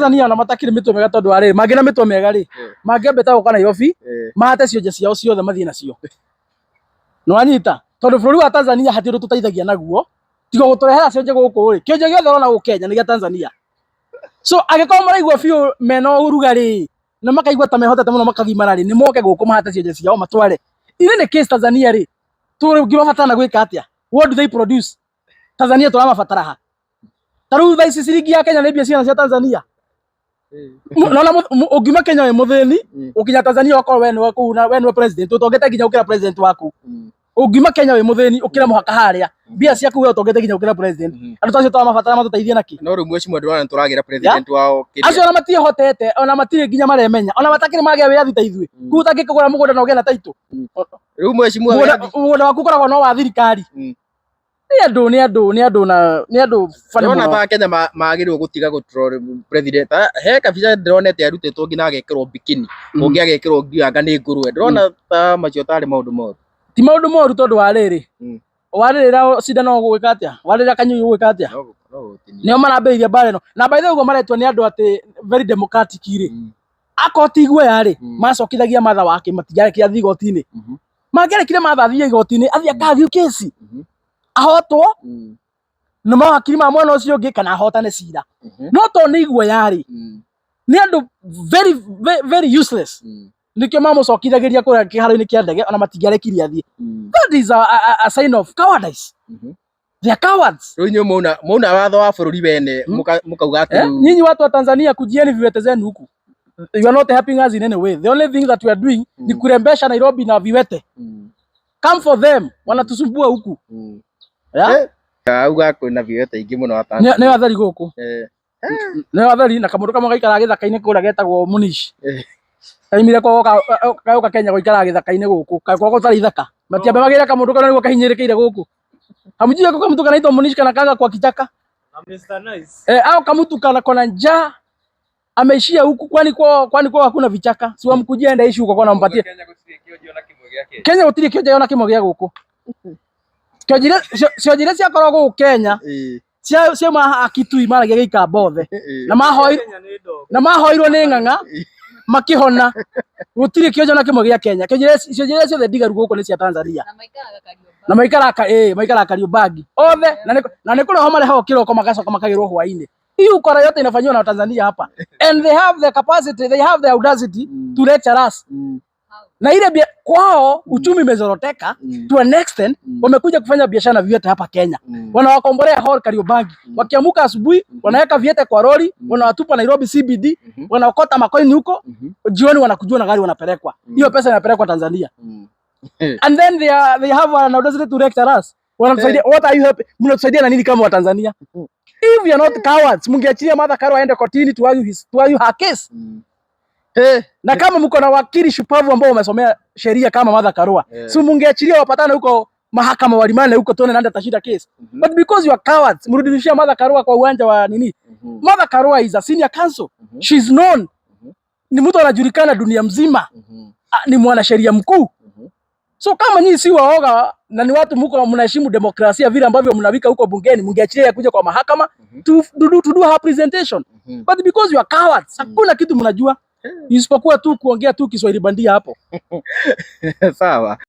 Tanzania na matakire mitwe mega tondu ari mangi na mitwe mega ri mangĩambĩte gũka Nairobi mahate cionje ciao ciothe mathiĩ nacio nĩ wanyita tondu bũrũri wa Tanzania hatirĩ ũndũ tũteithagia naguo tiga gũtũrehera cionje gũkũ ri kĩonje gĩothe ũrona gũkũ Kenya nĩ gĩa Tanzania so angĩkorwo maraigua biũ mena ũrugarĩ na makaigua ta mehotete mũno makagimara rĩ nĩ moke gũkũ mahate cionje ciao matware ire nĩ case Tanzania rĩ tũngĩmabatara na gwĩka atĩa what do they produce Tanzania tũramabatara ha taruva ici ciringi ya Kenya nibia ciana cia Tanzania hmm. nona ungiuma Kenya we muthini ukinya hmm. Tanzania wakorwo we niwe kuu na we niwe president utongete nginya ukira president waku ungiuma hmm. Kenya we muthini ukira muhaka haria mbia ciaku we utongete nginya ukira president andu tacio twa mabatara matuteithie ki. no riu mweci mwendu wana turagira president wao kiri acio ona hotete ona matire nginya maremenya ona matakire magia wiathi ta Ku kuu utangikigura mugunda na ugie na taito riu mweci mwendu mugunda waku ukoragwo no wa thirikari nä andå nä andå nä andå na nä andå ona ba Kenya magä rä gå tiga gå president ah, he kabica drone ronete arutä two nginya agä kä bikini å mm. ngä agä kä rwo ngianga drone ngå rue ndä rona mm. ta macio tarä maå ndå moru ti maå ndå moru tondå wa rä rä mm. warä rä ra cindano gå gä ka atä a warä rä ra kanyui o marambä mbara ä no na mbaithe å guo maretwo nä andå atä very democratic rä akorwo ti igwea rä macokithagia matha wake matigarekä athi igoti-inä mm-hmm. mangäarekire matha athia igoti-inä athi akagiu kesi ahotwo mm. nä mawakiri ma mwena å cio å ngä kana ahotane cira mm-hmm. no to ni nä iguoyarä mm. nä andå mm. nä kä o mamå cokithagä ria kå rä a kä haro-inä kä a ndege ona matingäarekirie athiä rä u mwauna watho wa bå rå ri wene må hmm? kauga eh? nyinyi watu wa Tanzania kujieni viwete zenu huku you are not helping us in any way the only thing that we are doing ni hmm. kurembesha Nairobi na viwete hmm. come for them wanatusumbua huku Eh? auga kwina viwete ingi muno atanzania ni athari guku eh. ni athari na kamundu kamwe gaikara githaka-ini kuria getagwo munish eh. kaimire kauka kenya guikara githaka-ini guku kwako tari ithaka matiambagire kamundu kana niguo kahinyirikiire guku hamjui ako kamutu kanaitwa munish kana kaga kwa kichaka Eh, au kamutu kana kona njaa ameishia huku, kwani kwa kwani kwa hakuna vichaka, si wamkujia enda ishi huko kwa nampatia Kenya, utirie kioja yona kimwe gya guku cionjire ciakorwo guku Kenya ciauma akitui maragia gĩikamba othe na na mahoirwo nĩ ng'ang'a makihona gutire kionjo na kimwe gia Kenya cionjire ciothe ndigaru guku ni cia Tanzania na maikaraga eh maikaraga Kariobangi othe na nä kå rehwo marehagwo kä roko magacoka makagä rwo hwainä hii ukora yote inafanyiwa na Tanzania hapa and they have the capacity they have the audacity to mm. lecture us mm na ile kwao uchumi umezoroteka mm. to an extent mm. wamekuja kufanya biashara na viwete hapa Kenya mm. wanawakombolea hall Kariobangi mm. wakiamuka asubuhi mm. wanaweka viwete kwa lori mm. wanawatupa Nairobi CBD mm -hmm. wanaokota makoini huko mm -hmm. jioni wanakujua na gari wanapelekwa mm. hiyo mm. pesa inapelekwa Tanzania mm. and then they, are, they have an audacity to lecture us wanatusaidia hey. what are you helping mnatusaidia na nini kama wa Tanzania mm. if you are not cowards mungeachilia Martha Karua aende kotini to argue his to argue her case mm. Eh, na kama mko na wakili shupavu ambao umesomea sheria kama Martha Karua, yeah. Si mungeachilia wapatane huko mahakama walimane huko tuone nani atashinda kesi. Mm -hmm. But because you are cowards, mrudishia Martha Karua kwa uwanja wa nini? Mm -hmm. Martha Karua is a senior counsel. Mm -hmm. She's known. Mm -hmm. Ni mtu anajulikana dunia mzima. Mm -hmm. A, ah, ni mwanasheria mkuu. Mhm. So kama nyinyi si waoga na ni watu mko mnaheshimu demokrasia vile ambavyo mnawika huko bungeni, mngeachilia ya kuja kwa mahakama mm -hmm. to, to, do, to do her presentation. Mm -hmm. But because you are cowards, mm -hmm. hakuna kitu mnajua. mm isipokuwa tu kuongea tu Kiswahili bandia hapo. Sawa.